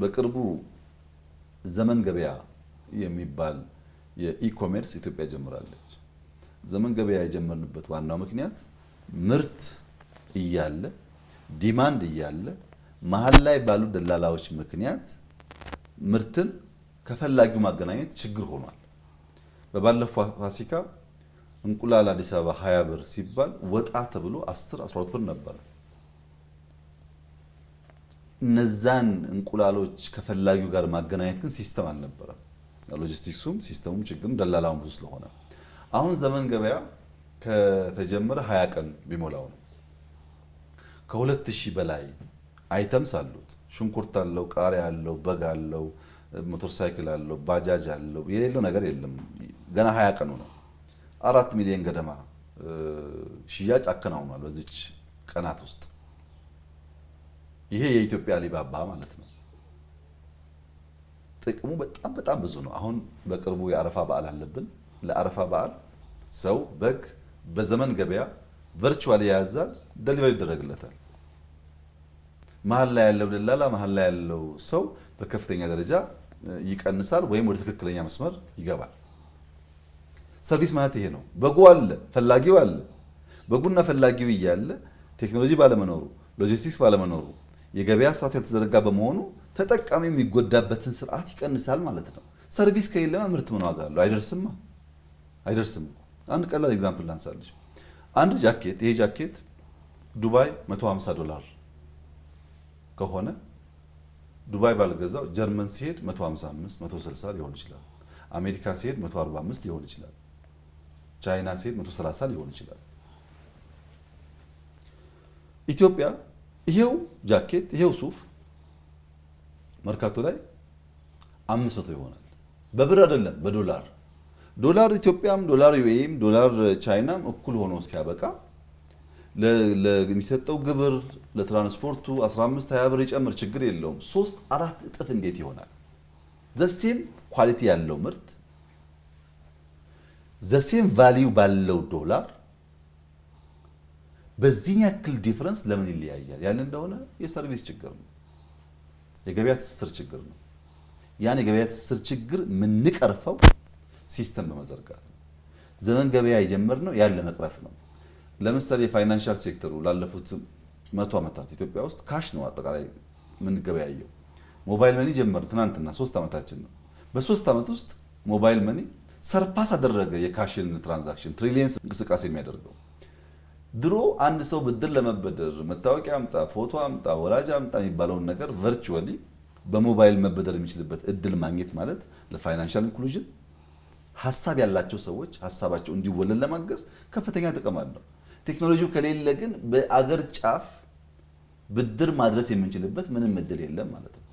በቅርቡ ዘመን ገበያ የሚባል የኢኮሜርስ ኢትዮጵያ ጀምራለች። ዘመን ገበያ የጀመርንበት ዋናው ምክንያት ምርት እያለ ዲማንድ እያለ መሀል ላይ ባሉ ደላላዎች ምክንያት ምርትን ከፈላጊው ማገናኘት ችግር ሆኗል። በባለፈው ፋሲካ እንቁላል አዲስ አበባ 20 ብር ሲባል ወጣ ተብሎ 10 12 ብር ነበረ። እነዛን እንቁላሎች ከፈላጊው ጋር ማገናኘት ግን ሲስተም አልነበረም። ሎጂስቲክሱም ሲስተሙም ችግርም ደላላውም ብዙ ስለሆነ አሁን ዘመን ገበያ ከተጀመረ ሀያ ቀን ቢሞላው ነው። ከሁለት ሺህ በላይ አይተምስ አሉት። ሽንኩርት አለው፣ ቃሪያ አለው፣ በግ አለው፣ ሞተርሳይክል ሳይክል አለው፣ ባጃጅ አለው። የሌለው ነገር የለም። ገና ሀያ ቀኑ ነው። አራት ሚሊዮን ገደማ ሽያጭ አከናውኗል በዚች ቀናት ውስጥ ይሄ የኢትዮጵያ አሊባባ ማለት ነው። ጥቅሙ በጣም በጣም ብዙ ነው። አሁን በቅርቡ የአረፋ በዓል አለብን። ለአረፋ በዓል ሰው በግ በዘመን ገበያ ቨርቹዋል የያዛል፣ ደሊቨሪ ይደረግለታል። መሀል ላይ ያለው ደላላ፣ መሀል ላይ ያለው ሰው በከፍተኛ ደረጃ ይቀንሳል ወይም ወደ ትክክለኛ መስመር ይገባል። ሰርቪስ ማለት ይሄ ነው። በጉ አለ፣ ፈላጊው አለ። በጉና ፈላጊው እያለ ቴክኖሎጂ ባለመኖሩ ሎጂስቲክስ ባለመኖሩ የገበያ ስርዓት ያልተዘረጋ በመሆኑ ተጠቃሚ የሚጎዳበትን ስርዓት ይቀንሳል ማለት ነው። ሰርቪስ ከሌለማ ምርት ምን ዋጋ አለው? አይደርስማ አይደርስም። አንድ ቀላል ኤግዛምፕል ላንሳለች። አንድ ጃኬት ይሄ ጃኬት ዱባይ 150 ዶላር ከሆነ ዱባይ ባልገዛው ጀርመን ሲሄድ 155 160 ሊሆን ይችላል። አሜሪካ ሲሄድ 145 ሊሆን ይችላል። ቻይና ሲሄድ 130 ሊሆን ይችላል። ኢትዮጵያ ይሄው ጃኬት ይሄው ሱፍ መርካቶ ላይ አምስት መቶ ይሆናል። በብር አይደለም በዶላር ዶላር ኢትዮጵያም ዶላር ዩኤም ዶላር ቻይናም እኩል ሆኖ ሲያበቃ ለሚሰጠው ግብር ለትራንስፖርቱ 15 20 ብር ይጨምር ችግር የለውም። ሶስት አራት እጥፍ እንዴት ይሆናል? ዘሴም ኳሊቲ ያለው ምርት ዘሴም ቫሊዩ ባለው ዶላር በዚህን ያክል ዲፍረንስ ለምን ይለያያል? ያለ እንደሆነ የሰርቪስ ችግር ነው፣ የገበያ ትስስር ችግር ነው። ያን የገበያ ትስስር ችግር የምንቀርፈው ሲስተም በመዘርጋት ነው። ዘመን ገበያ የጀመርነው ያን ለመቅረፍ ነው። ለምሳሌ የፋይናንሻል ሴክተሩ ላለፉት መቶ ዓመታት ኢትዮጵያ ውስጥ ካሽ ነው አጠቃላይ የምንገበያየው። ሞባይል መኒ ጀመር ትናንትና ሶስት ዓመታችን ነው። በሶስት ዓመት ውስጥ ሞባይል መኒ ሰርፓስ አደረገ የካሽን ትራንዛክሽን ትሪሊየንስ እንቅስቃሴ የሚያደርገው ድሮ አንድ ሰው ብድር ለመበደር መታወቂያ አምጣ፣ ፎቶ አምጣ፣ ወላጅ አምጣ የሚባለውን ነገር ቨርቹዋሊ በሞባይል መበደር የሚችልበት እድል ማግኘት ማለት ለፋይናንሻል ኢንክሉዥን ሀሳብ ያላቸው ሰዎች ሀሳባቸው እንዲወለድ ለማገዝ ከፍተኛ ጥቅም አለው። ቴክኖሎጂው ከሌለ ግን በአገር ጫፍ ብድር ማድረስ የምንችልበት ምንም እድል የለም ማለት ነው።